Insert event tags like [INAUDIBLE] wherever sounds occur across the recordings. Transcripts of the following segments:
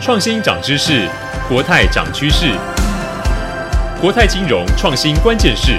創新漲知識，國泰漲趨勢。國泰金融創新關鍵勢。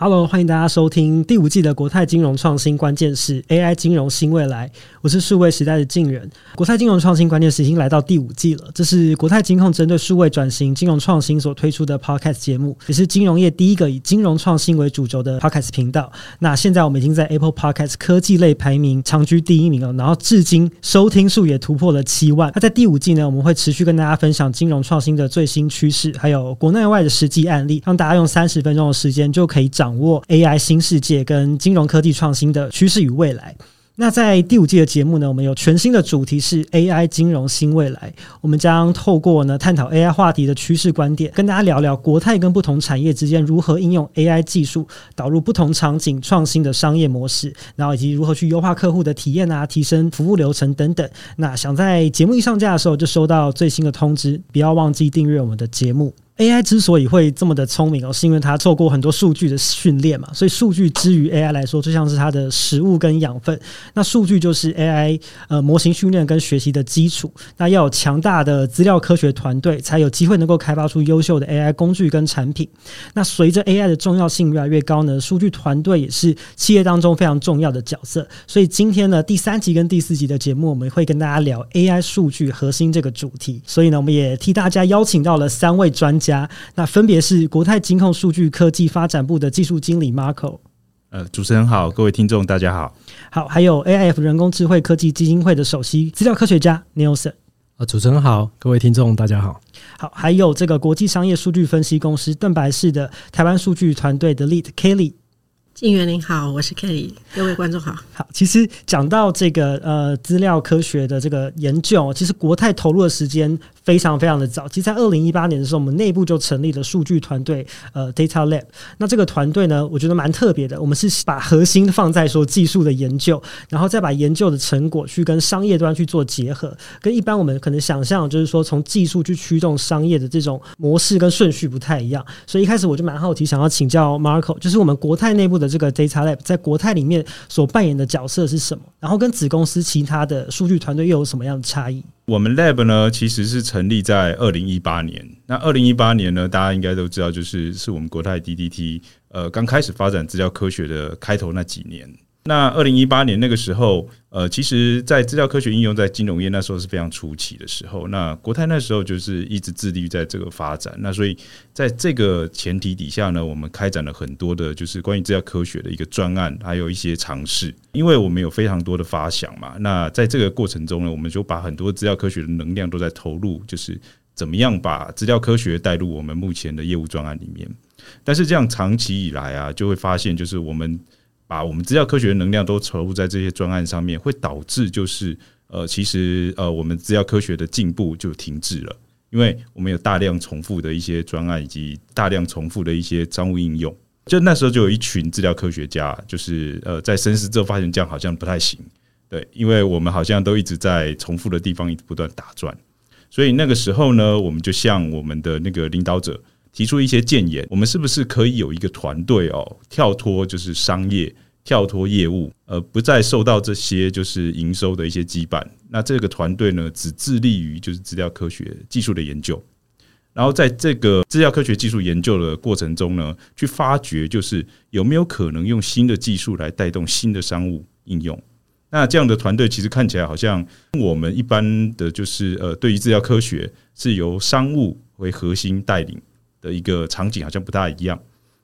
Hello，歡迎大家收聽第五季的國泰金融創新，關鍵勢 AI 金融新未來。我是數位時代的敬原，國泰金融創新關鍵勢已經來到第五季了。這是國泰金控針對數位轉型、金融創新所推出的 Podcast 節目，也是金融業第一個以金融創新為主軸的 Podcast 頻道。那現在我們已經在 Apple Podcast 科技類排名長居第一名了，然後至今收聽數也突破了七萬。那、啊、在第五季呢，我們會持續跟大家分享金融創新的最新趨勢，還有國內外的實際案例，讓大家用三十分鐘的時間就可以找。掌握 AI 新世界跟金融科技創新的趨勢與未來。那在第五季的節目呢，我們有全新的主題是 AI 金融新未來。我們將透過呢探討 AI 話題的趨勢觀點，跟大家聊聊國泰跟不同產業之間如何應用 AI 技術，導入不同場景創新的商業模式，然後以及如何去優化客戶的體驗啊，提升服務流程等等。那想在節目一上架的時候就收到最新的通知，不要忘記訂閱我們的節目。AI 之所以會這麼的聰明哦，是因為它做過很多數據的訓練嘛，所以數據之於 AI 來說，就像是它的食物跟養分。那數據就是 AI 呃模型訓練跟學習的基礎。那要有強大的資料科學團隊，才有機會能夠開發出優秀的 AI 工具跟產品。那隨着 AI 的重要性越來越高呢，數據團隊也是企業當中非常重要的角色。所以今天呢，第三集跟第四集的節目，我們會跟大家聊 AI 數據核心這個主題。所以呢，我們也替大家邀請到了三位專家。家，那分別是國泰金控數據科技發展部的技術經理 Marco。呃，主持人好，各位聽眾大家好。好，還有 AIF 人工智慧科技基金會的首席資料科學家 Nelson，呃。啊，主持人好，各位聽眾大家好。好，還有這個國際商業數據分析公司鄧白氏的台灣數據團隊的 Lead Kelly。敬原您好，我是 Kelly。各位觀眾好。好，其實講到這個呃資料科學的這個研究，其實國泰投入的時間非常非常的早。其實，在二零一八年的時候，我們內部就成立了數據團隊，呃，Data Lab。那這個團隊呢，我覺得蠻特別的。我們是把核心放在說技術的研究，然後再把研究的成果去跟商業端去做結合。跟一般我們可能想象就是說從技術去驅動商業的這種模式跟順序不太一樣。所以一開始我就蠻好奇，想要請教 Marco，就是我們國泰內部的。這個 Data Lab 在國泰裡面所扮演的角色是什麼？然後跟子公司其他的數據團隊又有什麼樣的差異？我們 Lab 呢，其實是成立在二零一八年。那二零一八年呢，大家應該都知道，就是是我們國泰 DDT，呃，剛開始發展資料科學的開頭那幾年。那二零一八年那個時候，呃，其實，在資料科學應用在金融業那時候是非常初期的時候。那國泰那時候就是一直致力於在這個發展。那所以在這個前提底下呢，我們開展了很多的，就是關於資料科學的一個專案，還有一些嘗試。因為我們有非常多的發想嘛。那在這個過程中呢，我們就把很多資料科學的能量都在投入，就是怎麼樣把資料科學帶入我們目前的業務專案裡面。但是這樣長期以來啊，就會發現就是我們。把我們資料科學的能量都投入在這些專案上面，會導致就是呃，其實呃，我們資料科學的進步就停滯了，因為我們有大量重複的一些專案，以及大量重複的一些商務應用。就那時候就有一群資料科學家，就是呃，在深思之後發現這樣好像不太行，對，因為我們好像都一直在重複的地方一直不斷打轉，所以那個時候呢，我們就向我們的那個領導者。提出一些建言，我們是不是可以有一個團隊哦，跳脫就是商業，跳脫業務，呃，不再受到這些就是營收的一些羈絆。那這個團隊呢，只致力於就是資料科學技術的研究。然後在這個資料科學技術研究的過程中呢，去發掘就是有沒有可能用新的技術來帶動新的商務應用。那這樣的團隊其實看起來好像我們一般的就是呃，對於資料科學是由商務為核心帶領的一個場景好像不大一樣，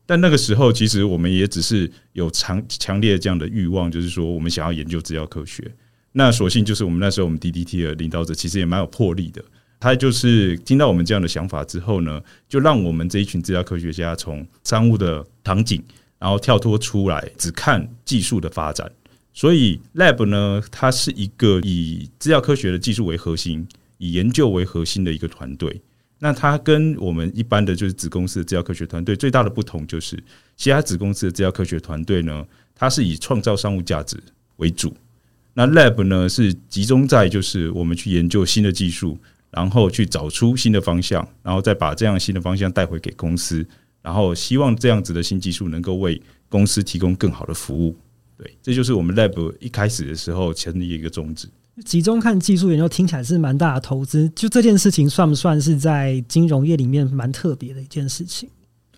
但那個時候其實我們也只是有強強烈的這樣的慾望，就是說我們想要研究資料科學。那索性就是我們那時候我們 D D T 的領導者其實也蠻有魄力的，他就是聽到我們這樣的想法之後呢，就讓我們這一群資料科學家從商務的場景然後跳脫出來，只看技術的發展。所以 Lab 呢，它是一個以資料科學的技術為核心，以研究為核心的一個團隊。那它跟我們一般的就是子公司的資料科學團隊最大的不同就是，其他子公司的資料科學團隊呢，它是以創造商務價值為主。那 Lab 呢，是集中在就是我們去研究新的技術，然後去找出新的方向，然後再把這樣新的方向帶回給公司，然後希望這樣子的新技術能夠為公司提供更好的服務。對，這就是我們 Lab 一開始的時候成立一個宗旨。集中看技術研究聽起來是蠻大的投資，就這件事情算不算是在金融業裡面蠻特別的一件事情？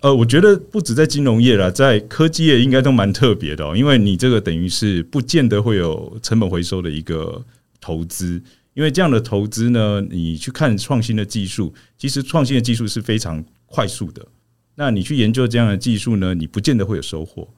呃，我覺得不只在金融業啦，在科技業應該都蠻特別的喔，因為你這個等於是不見得會有成本回收的一個投資，因為這樣的投資呢，你去看創新的技術，其實創新的技術是非常快速的，那你去研究這樣的技術呢，你不見得會有收穫。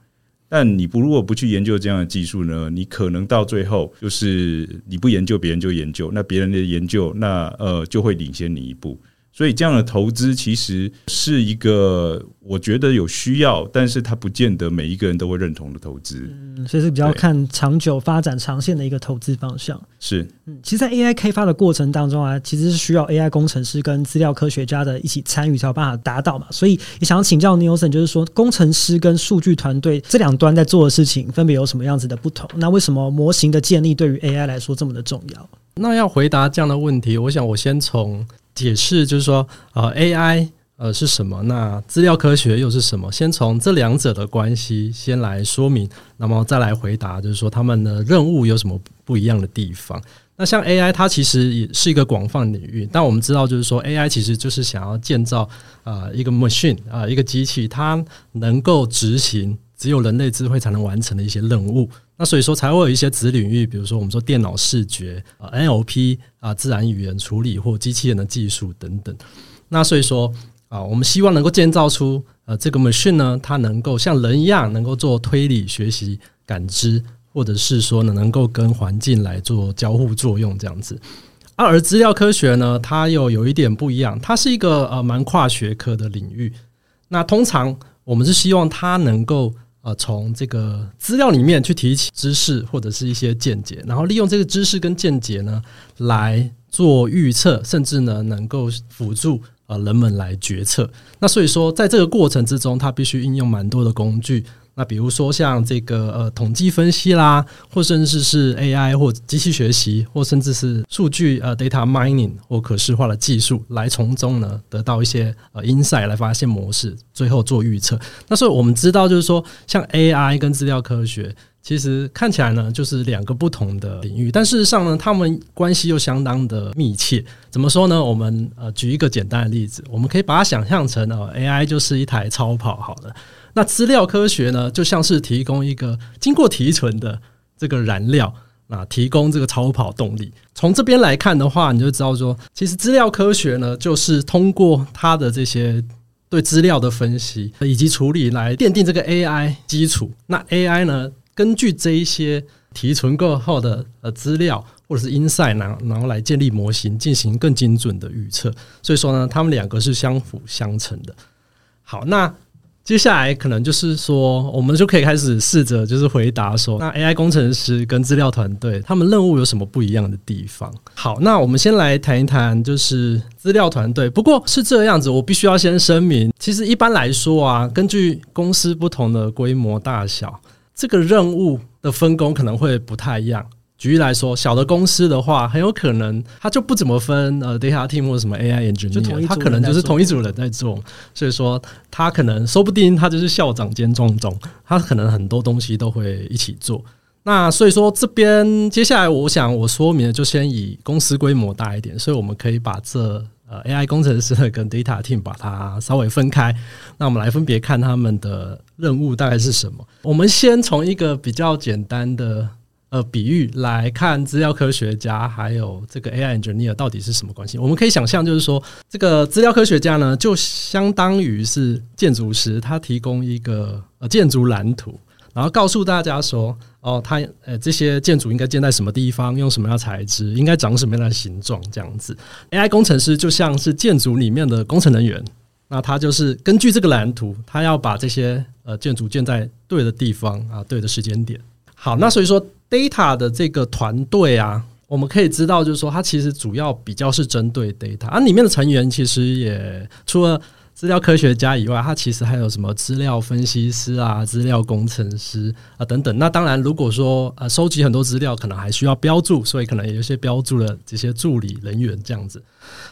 但你不如果不去研究這樣的技術呢？你可能到最後就是你不研究，別人就研究，那別人的研究，那呃就會領先你一步。所以這樣的投資其實是一個我覺得有需要，但是它不見得每一個人都會認同的投資。嗯，所以是比較看長久發展、長線的一個投資方向。是，嗯，其實，在 AI 開發的過程當中啊，其實是需要 AI 工程師跟資料科學家的一起參與才有辦法達到嘛。所以也想要請教 Nelson，就是說工程師跟數據團隊這兩端在做的事情分別有什麼樣子的不同？那為什麼模型的建立對於 AI 來說這麼的重要？那要回答這樣的問題，我想我先從。解釋就是說，呃，AI 呃是什麼？那資料科學又是什麼？先從這兩者的關係先來說明，那麼再來回答，就是說他們的任務有什麼不一樣的地方？那像 AI，它其實也是一個廣泛領域，但我們知道，就是說 AI 其實就是想要建造啊一個 machine 啊一個機器，它能夠執行。只有人類智慧才能完成的一些任務，那所以說才會有一些子領域，比如說我們說電腦視覺啊、NLP 啊、自然語言處理或機器人的技術等等。那所以說啊，我們希望能夠建造出呃這個 machine 呢，它能夠像人一樣，能夠做推理、學習、感知，或者是說呢能夠跟環境來做交互作用這樣子。啊，而資料科學呢，它又有一點不一樣，它是一個呃蠻跨學科的領域。那通常我們是希望它能夠呃，從這個資料裡面去提起知識或者是一些見解，然後利用這個知識跟見解呢來做預測，甚至呢能夠輔助啊人們來決策。那所以說，在這個過程之中，它必須應用蠻多的工具。那比如說像這個呃統計分析啦，或甚至是 AI 或機器學習，或甚至是數據呃 data mining 或可視化的技術，來從中呢得到一些呃 insight 來發現模式，最後做預測。那所以我們知道，就是說像 AI 跟資料科學，其實看起來呢就是兩個不同的領域，但事實上呢，它們關係又相當的密切。怎麼說呢？我們呃舉一個簡單的例子，我們可以把它想象成哦，呃，AI 就是一台超跑，好了。那資料科學呢，就像是提供一個經過提純的這個燃料，啊，提供這個超跑動力。從這邊來看的話，你就知道說，其實資料科學呢，就是通過它的這些對資料的分析以及處理，來奠定這個 AI 基礎。那 AI 呢，根據這一些提純過後的呃資料或者是 insight，然然後來建立模型，進行更精準的預測。所以說呢，它們兩個是相輔相成的。好，那。接下來可能就是說，我們就可以開始試着就是回答說，那 AI 工程師跟資料團隊他們任務有什麼不一樣的地方？好，那我們先來談一談就是資料團隊。不過是這樣子，我必須要先聲明，其實一般來說啊，根據公司不同的規模大小，這個任務的分工可能會不太一樣。舉例來說，小的公司的話，很有可能他就不怎麼分呃，data team 或者什麼 AI engineer，他可能就是同一組人在做。嗯、所以說，他可能說不定他就是校長兼撞鐘，他可能很多東西都會一起做。那所以說這，這邊接下來我想我說明的，就先以公司規模大一點，所以我們可以把這呃 AI 工程師跟 data team 把它稍微分開。那我們來分別看他們的任務大概是什麼。嗯、我們先從一個比較簡單的。呃，比喻來看，資料科學家還有這個 AI engineer 到底是什麼關係？我們可以想象，就是說，這個資料科學家呢，就相當於是建築師，他提供一個呃建築藍圖，然後告訴大家說，哦，他呃這些建築應該建在什麼地方，用什麼樣材質，應該長什麼樣的形狀，這樣子。AI 工程師就像是建築裡面的工程人員，那他就是根據這個藍圖，他要把這些呃建築建在對的地方啊，對的時間點。好，那所以說，Data 的這個團隊啊，我們可以知道，就是說，它其實主要比較是針對 Data，而、啊、裡面的成員其實也除了，資料科學家以外，他其實還有什麼資料分析師啊、資料工程師啊等等。那當然，如果說呃收集很多資料，可能還需要標注，所以可能也有些標注的這些助理人員這樣子。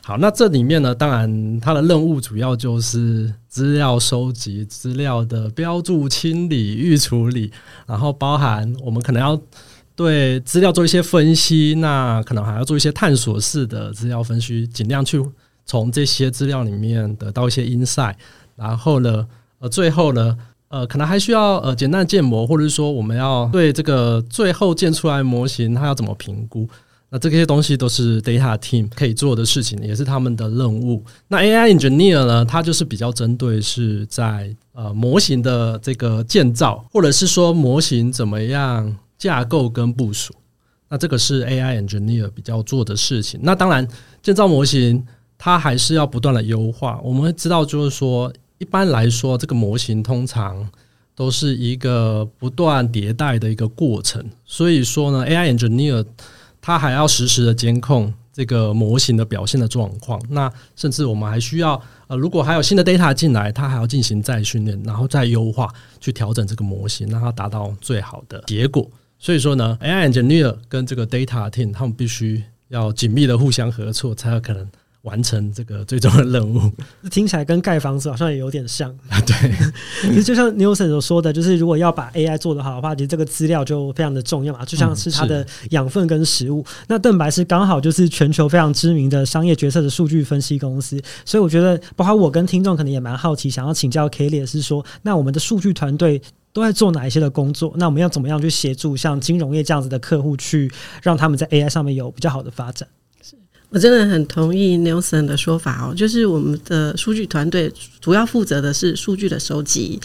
好，那這裡面呢，當然他的任務主要就是資料收集、資料的標注、清理、預處理，然後包含我們可能要對資料做一些分析，那可能還要做一些探索式的資料分析，盡量去。從這些資料裡面得到一些 insight，然後呢，呃，最後呢，呃，可能還需要呃簡單建模，或者是說我們要對這個最後建出來的模型它要怎麼評估，那這些東西都是 data team 可以做的事情，也是他們的任務。那 AI engineer 呢，它就是比較針對是在呃模型的這個建造，或者是說模型怎麼樣架構跟部署，那這個是 AI engineer 比較做的事情。那當然建造模型。它還是要不斷的優化。我們會知道，就是說，一般來說，這個模型通常都是一個不斷迭代的一個過程。所以說呢，AI engineer 它還要實時的監控這個模型的表現的狀況。那甚至我們還需要，呃，如果還有新的 data 進來，它還要進行再訓練，然後再優化，去調整這個模型，讓它達到最好的結果。所以說呢，AI engineer 跟這個 data team 他們必須要緊密的互相合作，才有可能。完成這個最終的任務，聽起來跟蓋房子好像也有點像啊。 [LAUGHS] 對，其實就像 Nelson 所說的，就是如果要把 AI 做得好的話，其實這個資料就非常的重要嘛，就像是它的養分跟食物。嗯。那鄧白氏剛好就是全球非常知名的商業決策的數據分析公司，所以我覺得，包括我跟聽眾可能也蠻好奇，想要請教 Kelly 是說，那我們的數據團隊都在做哪一些的工作？那我們要怎麼樣去協助像金融業這樣子的客戶，去讓他們在 AI 上面有比較好的發展？我真的很同意 Nelson 的說法哦，就是我們的數據團隊主要負責的是數據的收集、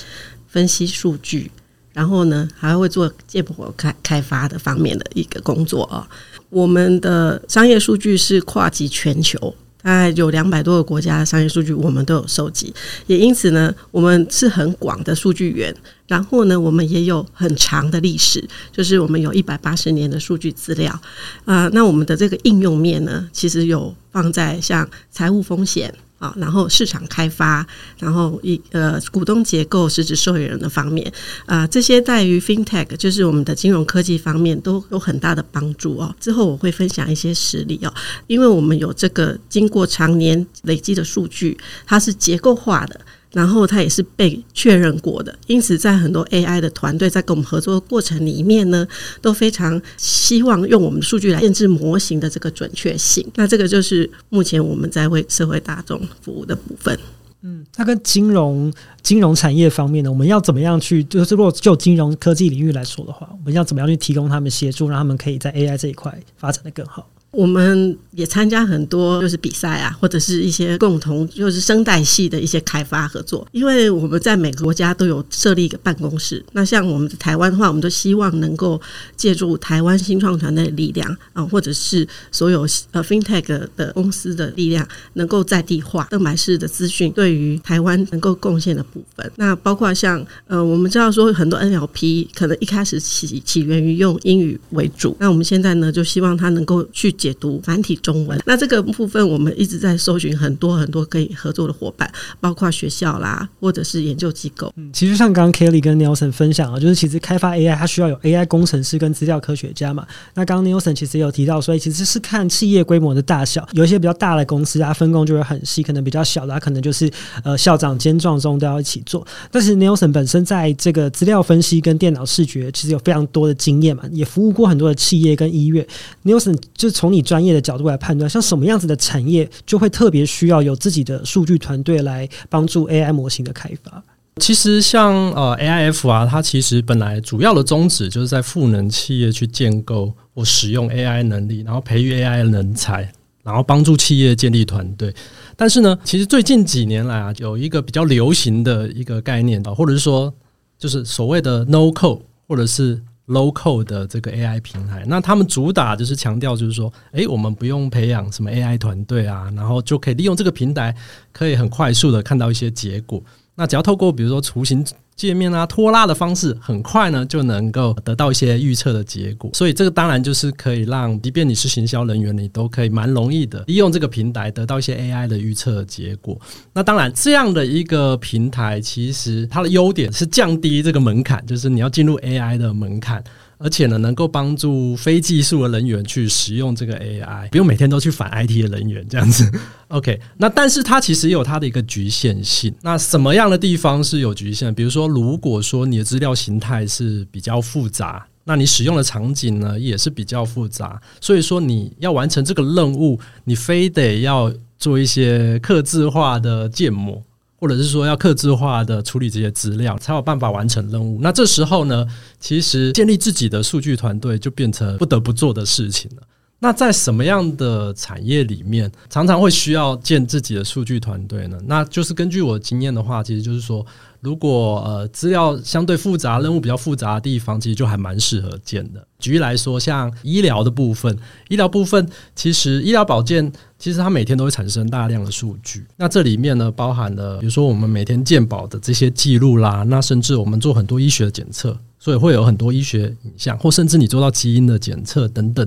分析數據，然後呢，還會做建模開開發的方面的一個工作啊。我們的商業數據是跨及全球，大概有兩百多個國家的商業數據，我們都有收集，也因此呢，我們是很廣的數據源。然後呢，我們也有很長的歷史，就是我們有一百八十年的數據資料啊、呃。那我們的這個應用面呢，其實有放在像財務風險啊、呃，然後市場開發，然後一呃股東結構，實質受益人的方面啊、呃。這些在於 FinTech，就是我們的金融科技方面，都有很大的幫助哦。之後我會分享一些實例哦，因為我們有這個經過常年累積的數據，它是結構化的。然後它也是被確認過的，因此在很多 AI 的團隊在跟我們合作的過程裡面呢，都非常希望用我們的數據來驗證模型的這個準確性。那這個就是目前我們在為社會大眾服務的部分。嗯，那跟金融金融產業方面呢，我們要怎麼樣去？就是如果就金融科技領域來說的話，我們要怎麼樣去提供他們協助，讓他們可以在 AI 這一塊發展得更好？我們也參加很多就是比賽啊，或者是一些共同就是生態系的一些開發合作。因為我們在每個國家都有設立一個辦公室。那像我們的台灣的話，我們都希望能夠借助台灣新創團隊的力量啊、呃，或者是所有呃 FinTech 的公司的力量，能夠在地化鄧白氏的資訊對於台灣能夠貢獻的部分。那包括像呃，我們知道說很多 NLP 可能一開始起起源於用英語為主，那我們現在呢就希望它能夠去。解讀繁體中文，那這個部分我們一直在搜尋很多很多可以合作的夥伴，包括學校啦，或者是研究機構。嗯，其實像剛剛 Kelly 跟 Nelson 分享啊，就是其實開發 AI 它需要有 AI 工程師跟資料科學家嘛。那剛剛 Nelson 其實也有提到，所以其實是看企業規模的大小，有一些比較大的公司，它分工就會很細；可能比較小的，它可能就是呃校長兼撞鐘，都要一起做。但是 Nelson 本身在這個資料分析跟電腦視覺其實有非常多的經驗嘛，也服務過很多的企業跟醫院。Nelson 就從你專業的角度來判斷，像什麼樣子的產業就會特別需要有自己的數據團隊來幫助 AI 模型的開發？其實像呃 AIF 啊，它其實本來主要的宗旨就是在賦能企業去建構或使用 AI 能力，然後培育 AI 人才，然後幫助企業建立團隊。但是呢，其實最近幾年來啊，有一個比較流行的一個概念啊，或者是說就是所謂的 No Code，或者是。local 的這個 AI 平台，那他們主打就是強調，就是說，哎、欸，我們不用培養什麼 AI 團隊啊，然後就可以利用這個平台，可以很快速的看到一些結果。那只要透過比如說圖形界面啊，拖拉的方式，很快呢就能夠得到一些預測的結果。所以這個當然就是可以讓，即便你是行銷人員，你都可以蠻容易的利用這個平台得到一些 AI 的預測結果。那當然這樣的一個平台，其實它的優點是降低這個門檻，就是你要進入 AI 的門檻。而且呢，能夠幫助非技術的人員去使用這個 AI，不用每天都去反 IT 的人員這樣子。OK，那但是它其實也有它的一個局限性。那什麼樣的地方是有局限？比如說，如果說你的資料形態是比較複雜，那你使用的場景呢也是比較複雜，所以說你要完成這個任務，你非得要做一些客製化的建模。或者是說要客製化的處理這些資料，才有辦法完成任務。那這時候呢，其實建立自己的數據團隊就變成不得不做的事情了。那在什麼樣的產業裡面常常會需要建自己的數據團隊呢？那就是根據我的經驗的話，其實就是說，如果呃資料相對複雜、任務比較複雜的地方，其實就還蠻適合建的。舉例來說，像醫療的部分，醫療部分其實醫療保健其實它每天都會產生大量的數據。那這裡面呢，包含了比如說我們每天健保的這些記錄啦，那甚至我們做很多醫學的檢測。所以會有很多醫學影像，或甚至你做到基因的檢測等等。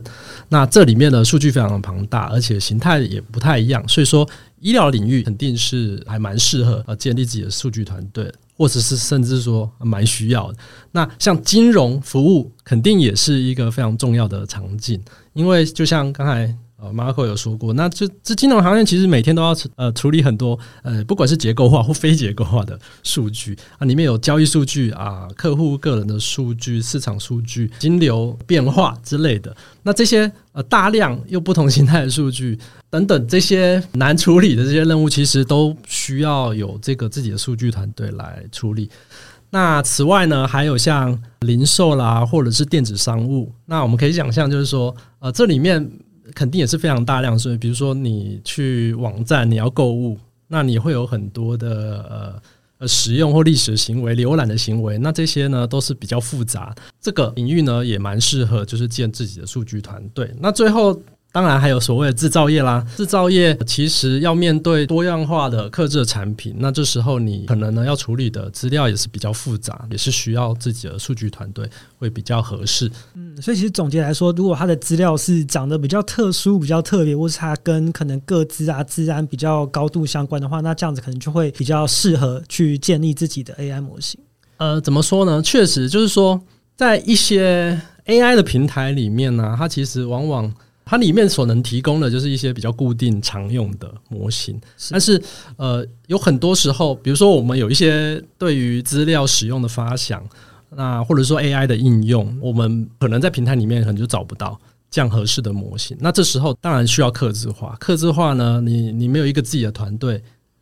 那這裡面的數據非常的龐大，而且形態也不太一樣。所以說，醫療領域肯定是還蠻適合呃建立自己的數據團隊，或者是甚至說蠻需要的。那像金融服務肯定也是一個非常重要的場景，因為就像剛才，啊，Marco 有說過，那這這金融行業其實每天都要呃處理很多呃，不管是結構化或非結構化的數據啊，裡面有交易數據啊、客戶個人的數據、市場數據、金流變化之類的。那這些呃大量又不同形態的數據等等，這些難處理的這些任務，其實都需要有這個自己的數據團隊來處理。那此外呢，還有像零售啦，或者是電子商務，那我們可以想象，就是說呃這裡面。肯定也是非常大量，所以比如說你去網站，你要購物，那你會有很多的呃呃使用或歷史行為、瀏覽的行為，那這些呢都是比較複雜，這個領域呢也蠻適合就是建自己的數據團隊。那最後。當然還有所謂的制造業啦，制造業其實要面對多樣化的客製的產品，那這時候你可能呢要處理的資料也是比較複雜，也是需要自己的數據團隊會比較合適。嗯，所以其實總結來說，如果它的資料是長得比較特殊、比較特別，或是它跟可能個資啊、資安比較高度相關的話，那這樣子可能就會比較適合去建立自己的 AI 模型。呃，怎麼說呢？確實就是說，在一些 AI 的平台裡面呢、啊，它其實往往。它裡面所能提供的就是一些比較固定常用的模型，但是呃，有很多時候，比如說我們有一些對於資料使用的發想，那或者說 AI 的應用，我們可能在平台裡面可能就找不到這樣合適的模型。那這時候當然需要客製化，客製化呢，你你沒有一個自己的團隊，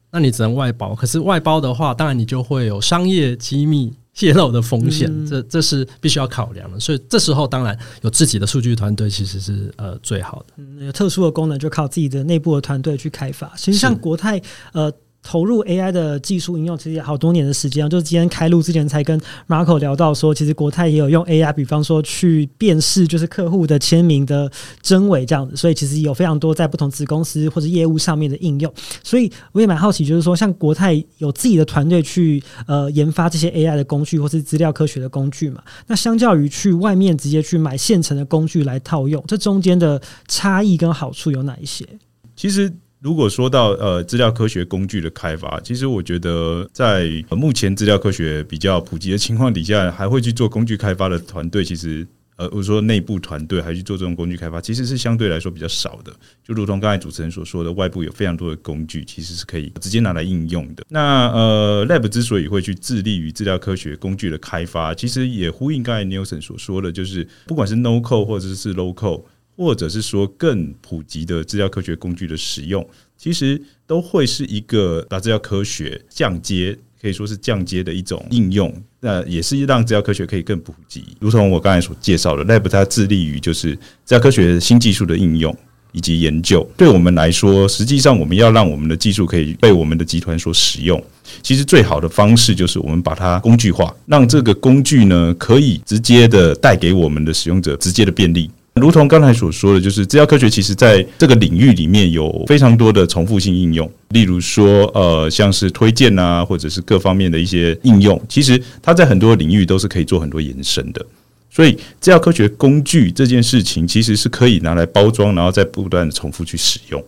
那你只能外包。可是外包的話，當然你就會有商業機密。洩露的風險，這這是必須要考量的，嗯。所以這時候當然有自己的數據團隊，其實是呃最好的。有特殊的功能，就靠自己的內部的團隊去開發。實際上，國泰呃。投入 AI 的技術應用其實也好多年的時間，就是今天開錄之前才跟 Marco 聊到說，其實國泰也有用 AI，比方說去辨識就是客戶的簽名的真偽這樣子，所以其實有非常多在不同子公司或者業務上面的應用。所以我也蠻好奇，就是說像國泰有自己的團隊去呃研發這些 AI 的工具或是資料科學的工具嘛，那相較於去外面直接去買現成的工具來套用，這中間的差異跟好處有哪一些？其實。如果說到呃，資料科學工具的開發，其實我覺得在目前資料科學比較普及的情況底下，還會去做工具開發的團隊，其實呃，我說內部團隊還去做這種工具開發，其實是相對來說比較少的。就如同剛才主持人所說的，外部有非常多的工具，其實是可以直接拿來應用的。那呃，Lab 之所以會去致力於資料科學工具的開發，其實也呼應剛才 Nielsen 所說的，就是不管是 NoCo 或者是，是 Local。或者是說更普及的資料科學工具的使用，其實都會是一個把資料科學降階，可以說是降階的一種應用。那也是讓資料科學可以更普及，如同我剛才所介紹的，Lab 它致力於就是資料科學新技術的應用以及研究。對我們來說，實際上我們要讓我們的技術可以被我們的集團所使用，其實最好的方式就是我們把它工具化，讓這個工具呢，可以直接的帶給我們的使用者直接的便利。如同剛才所說的，就是資料科學，其實在這個領域裡面有非常多的重複性應用，例如說，呃，像是推薦啊，或者是各方面的一些應用，其實它在很多領域都是可以做很多延伸的。所以，資料科學工具這件事情，其實是可以拿來包裝，然後再不斷的重複去使用。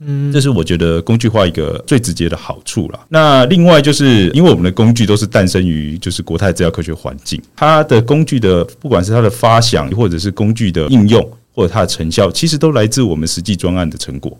嗯，這是我覺得工具化一個最直接的好處啦。那另外就是，因為我們的工具都是誕生於就是國泰資料科學環境，它的工具的不管是它的發想，或者是工具的應用，或者它的成效，其實都來自我們實際專案的成果。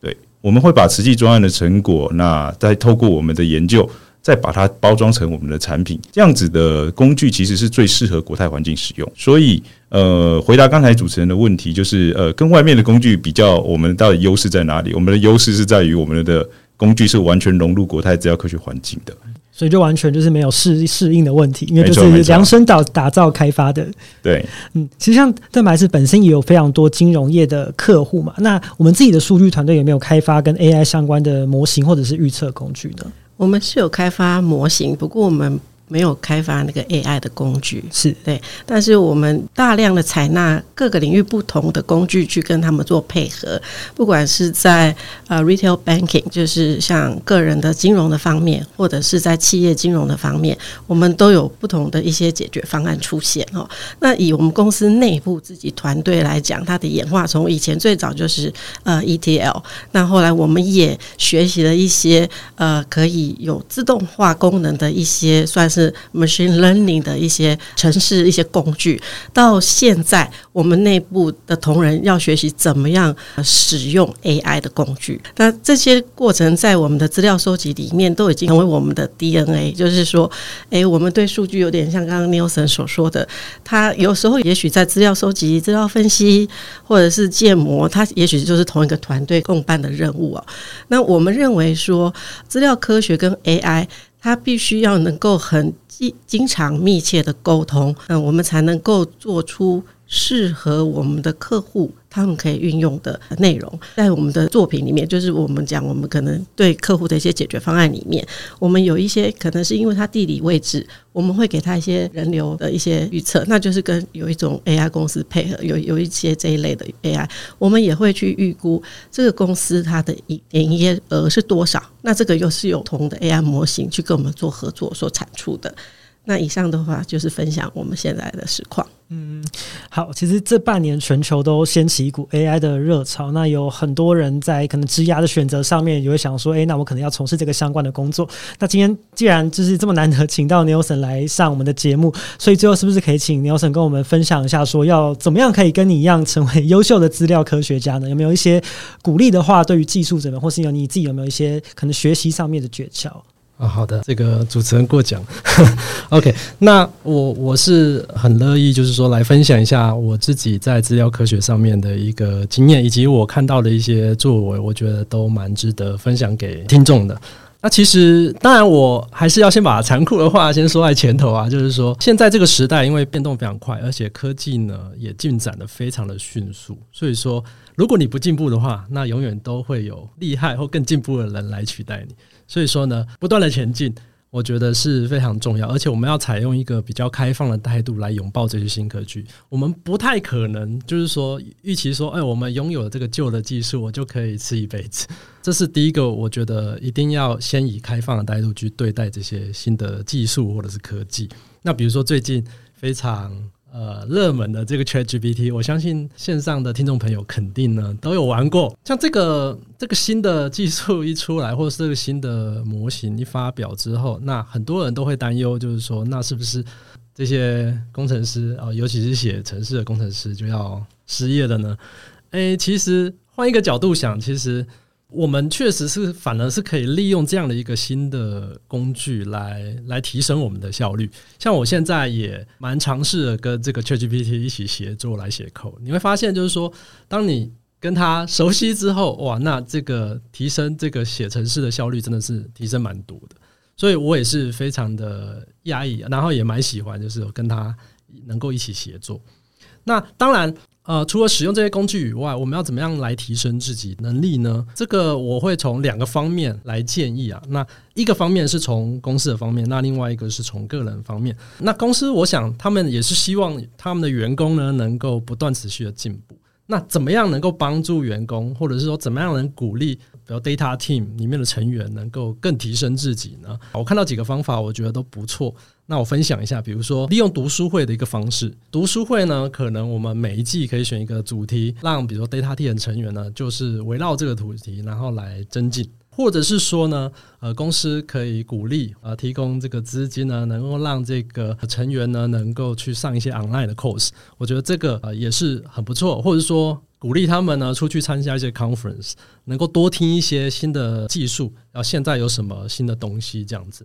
對，我們會把實際專案的成果，那再透過我們的研究。再把它包裝成我們的產品，這樣子的工具其實是最適合國泰環境使用。所以，呃，回答剛才主持人的問題，就是呃，跟外面的工具比較，我們到底優勢在哪裡？我們的優勢是在於我們的工具是完全融入國泰資料科學環境的，所以就完全就是沒有適適應的問題，因為就是量身打,打造開發的。對，嗯對，其實像鄧白氏本身也有非常多金融業的客戶嘛。那我們自己的數據團隊有沒有開發跟 AI 相關的模型或者是預測工具呢？我們是有開發模型，不過我們。沒有開發那個 AI 的工具，是對。但是我們大量的採納各個領域不同的工具去跟他們做配合，不管是在呃 retail banking，就是像個人的金融的方面，或者是在企業金融的方面，我們都有不同的一些解決方案出現哦。那以我們公司內部自己團隊來講，它的演化從以前最早就是呃 ETL，那後來我們也學習了一些呃可以有自動化功能的一些算是。machine learning 的一些程式一些工具，到現在我們內部的同仁要學習怎麼樣使用 AI 的工具。那這些過程在我們的資料收集裡面都已經成為我們的 DNA。就是說，哎，我們對數據有點像剛剛 Nelson 所說的，他有時候也許在資料收集、資料分析或者是建模，他也許就是同一個團隊共辦的任務啊。那我們認為說，資料科學跟 AI。他必須要能夠很。經經常密切的溝通，那我們才能夠做出適合我們的客戶，他們可以運用的內容。在我們的作品裡面，就是我們講我們可能對客戶的一些解決方案裡面，我們有一些可能是因為它地理位置，我們會給它一些人流的一些預測，那就是跟有一種 AI 公司配合，有有一些這一類的 AI，我們也會去預估這個公司它的營營業額是多少。那這個又是有同的 AI 模型去跟我們做合作所產出的。那以上的話就是分享我們現在的實況。嗯，好，其實這半年全球都掀起一股 AI 的熱潮，那有很多人在可能職涯的選擇上面也會想說，哎、欸，那我可能要從事這個相關的工作。那今天既然就是這麼難得，請到 Nelson 來上我們的節目，所以最後是不是可以請 Nelson 跟我們分享一下，說要怎麼樣可以跟你一樣成為優秀的資料科學家呢？有沒有一些鼓勵的話？對於技術者們，或是有你自己有沒有一些可能學習上面的訣竅？啊、哦，好的，這個主持人過獎。 [LAUGHS] OK，那我我是很樂意，就是說來分享一下我自己在資料科學上面的一個經驗，以及我看到的一些作為，我覺得都蠻值得分享給聽眾的。那其實當然，我還是要先把殘酷的話先說在前頭啊，就是說現在這個時代，因為變動非常快，而且科技呢也進展的非常的迅速，所以說如果你不進步的話，那永遠都會有厲害或更進步的人來取代你。所以說呢，不斷的前進，我覺得是非常重要。而且我們要採用一個比較開放的態度來擁抱這些新科技。我們不太可能就是說預期說，哎，我們擁有了這個舊的技術，我就可以吃一輩子。這是第一個，我覺得一定要先以開放的態度去對待這些新的技術或者是科技。那比如說最近非常。呃，熱門的這個 ChatGPT，我相信線上的聽眾朋友肯定呢都有玩過。像這個這個新的技術一出來，或者是這個新的模型一發表之後，那很多人都會擔憂，就是說，那是不是這些工程師啊、呃，尤其是寫程式，的工程師就要失業的呢？誒、欸，其實換一個角度想，其實。我們確實是反而是可以利用這樣的一個新的工具來來提升我們的效率。像我現在也蠻嘗試著跟這個 ChatGPT 一起協作來寫 code，你會發現就是說，當你跟他熟悉之後，哇，那這個提升這個寫程式的效率真的是提升蠻多的。所以我也是非常的訝異，然後也蠻喜歡就是跟他能夠一起協作。那當然。呃，除了使用這些工具以外，我們要怎麼樣來提升自己的能力呢？這個我會從兩個方面來建議啊。那一個方面是從公司的方面，那另外一個是從個人方面。那公司我想他們也是希望他們的員工呢能夠不斷持續的進步。那怎麼樣能夠幫助員工，或者是說怎麼樣能鼓勵，比如 Data Team 裡面的成員能夠更提升自己呢？我看到幾個方法，我覺得都不錯。那我分享一下，比如說利用讀書會的一個方式。讀書會呢，可能我們每一季可以選一個主題，讓比如說 Data Team 成員呢，就是圍繞這個主題，然後來增進，或者是說呢，呃，公司可以鼓勵啊、呃，提供這個資金呢，能夠讓這個成員呢，能夠去上一些 online 的 course，我覺得這個呃也是很不錯，或者說鼓勵他們呢出去參加一些 conference，能夠多聽一些新的技術，然後現在有什麼新的東西這樣子。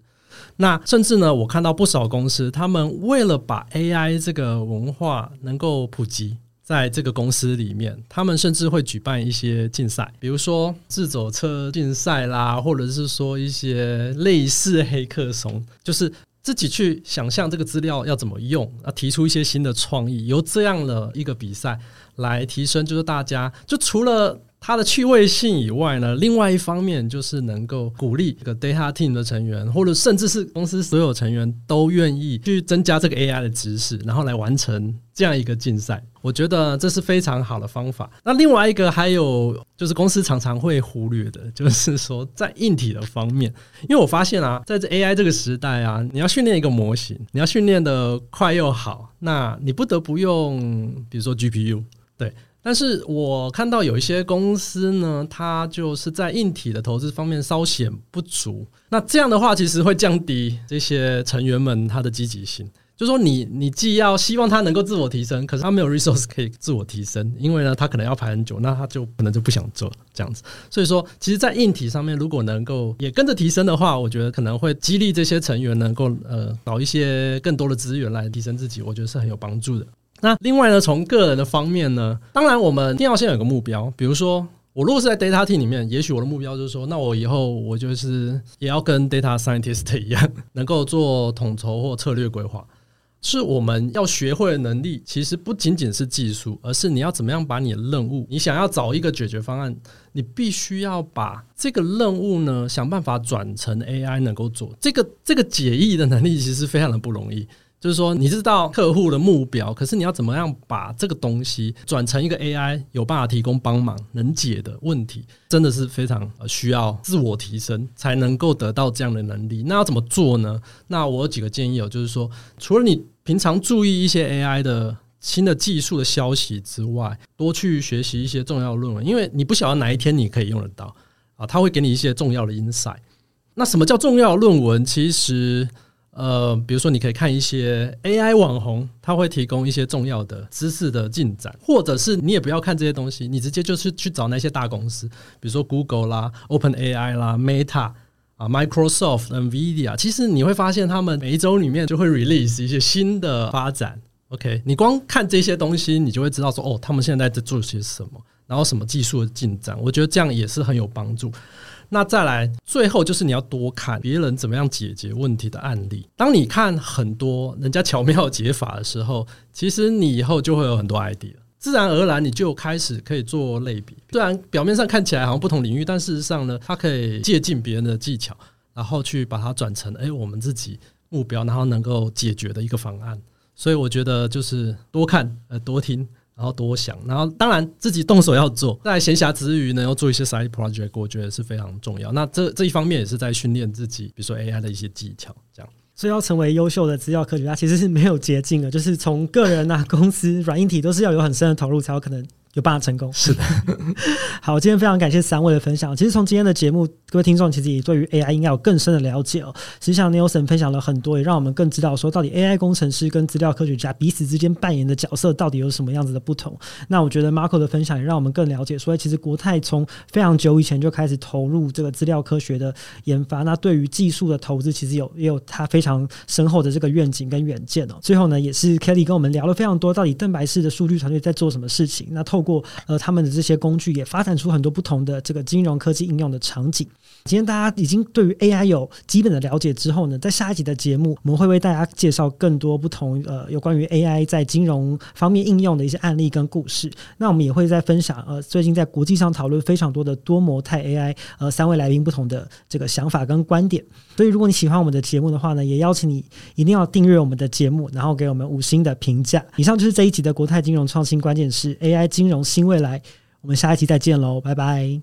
那甚至呢，我看到不少公司，他們為了把 AI 這個文化能夠普及在這個公司裡面，他們甚至會舉辦一些競賽，比如說自走車競賽啦，或者是說一些類似黑客松，就是自己去想象這個資料要怎麼用，提出一些新的創意，由這樣的一個比賽來提升，就是大家就除了，它的趣味性以外呢，另外一方面就是能夠鼓勵這個 data team 的成員，或者甚至是公司所有成員都願意去增加這個 AI 的知識，然後來完成這樣一個競賽。我覺得這是非常好的方法。那另外一個還有就是公司常常會忽略的，就是說在硬體的方面，因為我發現啊，在這 AI 這個時代啊，你要訓練一個模型，你要訓練得快又好，那你不得不用，比如說 GPU，對。但是我看到有一些公司呢，它就是在硬體的投資方面稍顯不足。那這樣的話，其實會降低這些成員們他的積極性。就是說你，你你既要希望他能夠自我提升，可是他沒有 resource 可以自我提升，因為呢，他可能要排很久，那他就可能就不想做這樣子。所以說，其實，在硬體上面如果能夠也跟着提升的話，我覺得可能會激勵這些成員能夠呃找一些更多的資源來提升自己，我覺得是很有幫助的。那另外呢，從個人的方面呢，當然我們一定要先有個目標。比如說，我如果是在 data team 裡面，也許我的目標就是說，那我以後我就是也要跟 data scientist 一樣，能夠做統籌或策略規劃。是我們要學會的能力，其實不僅僅是技術，而是你要怎麼樣把你的任務，你想要找一個解決方案，你必須要把這個任務呢，想辦法轉成 AI 能夠做。這個這個解譯的能力，其實非常的不容易。就是說，你知道客戶的目標，可是你要怎麼樣把這個東西轉成一個 AI 有辦法提供幫忙、能解的問題，真的是非常需要自我提升才能夠得到這樣的能力。那要怎麼做呢？那我有幾個建議哦，就是說，除了你平常注意一些 AI 的新的技術的消息之外，多去學習一些重要論文，因為你不曉得哪一天你可以用得到啊，他會給你一些重要的 insight。那什麼叫重要論文？其實。呃，比如說，你可以看一些 AI 網紅，他會提供一些重要的知識的進展，或者是你也不要看這些東西，你直接就是去找那些大公司，比如說 Google 啦、OpenAI 啦、Meta 啊、Microsoft 和 NVIDIA，其實你會發現他們每一周裡面就會 release 一些新的發展。OK，你光看這些東西，你就會知道說哦，他們現在在做些什麼，然後什麼技術的進展，我覺得這樣也是很有幫助。那再來，最後就是你要多看別人怎麼樣解決問題的案例。當你看很多人家巧妙解法的時候，其實你以後就會有很多 idea，自然而然，你就開始可以做類比。雖然表面上看起來好像不同領域，但事實上呢，它可以借鑑別人的技巧，然後去把它轉成誒、欸、我們自己目標，然後能夠解決的一個方案。所以我覺得就是多看，呃，多聽。然後多想，然後當然自己動手要做，在閒暇之餘呢，要做一些 side project，我覺得是非常重要。那這這一方面也是在訓練自己，比如說 AI 的一些技巧，這樣。所以要成為優秀的資料科學家，它其實是沒有捷徑的，就是從個人啊、公司、軟硬體都是要有很深的投入才有可能，有辦法成功，是的， [LAUGHS] 好，今天非常感謝三位的分享。其實從今天的節目，各位聽眾其實也對於 AI 應該有更深的了解哦。實際上 Nelson 分享了很多，也讓我們更知道說到底 AI 工程師跟資料科學家彼此之間扮演的角色到底有什麼樣子的不同。那我覺得 Marco 的分享也讓我們更了解，說其實國泰從非常久以前就開始投入這個資料科學的研發。那對於技術的投資，其實也有也有他非常深厚的這個願景跟遠見哦。最後呢，也是 Kelly 跟我們聊了非常多，到底鄧白氏的數據團隊在做什麼事情？那透。過呃，他們的這些工具也發展出很多不同的這個金融科技應用的場景。今天大家已經對於 AI 有基本的了解之後呢，在下一集的節目，我們會為大家介紹更多不同呃有關於 AI 在金融方面應用的一些案例跟故事。那我們也會再分享呃最近在國際上討論非常多的多模態 AI 呃，三位來賓不同的這個想法跟觀點。所以如果你喜歡我們的節目的話呢，也邀請你一定要訂閱我們的節目，然後給我們五星的評價。以上就是這一集的國泰金融創新，關鍵勢 AI 金融。從新未來，我們下一期再見嘍，拜拜。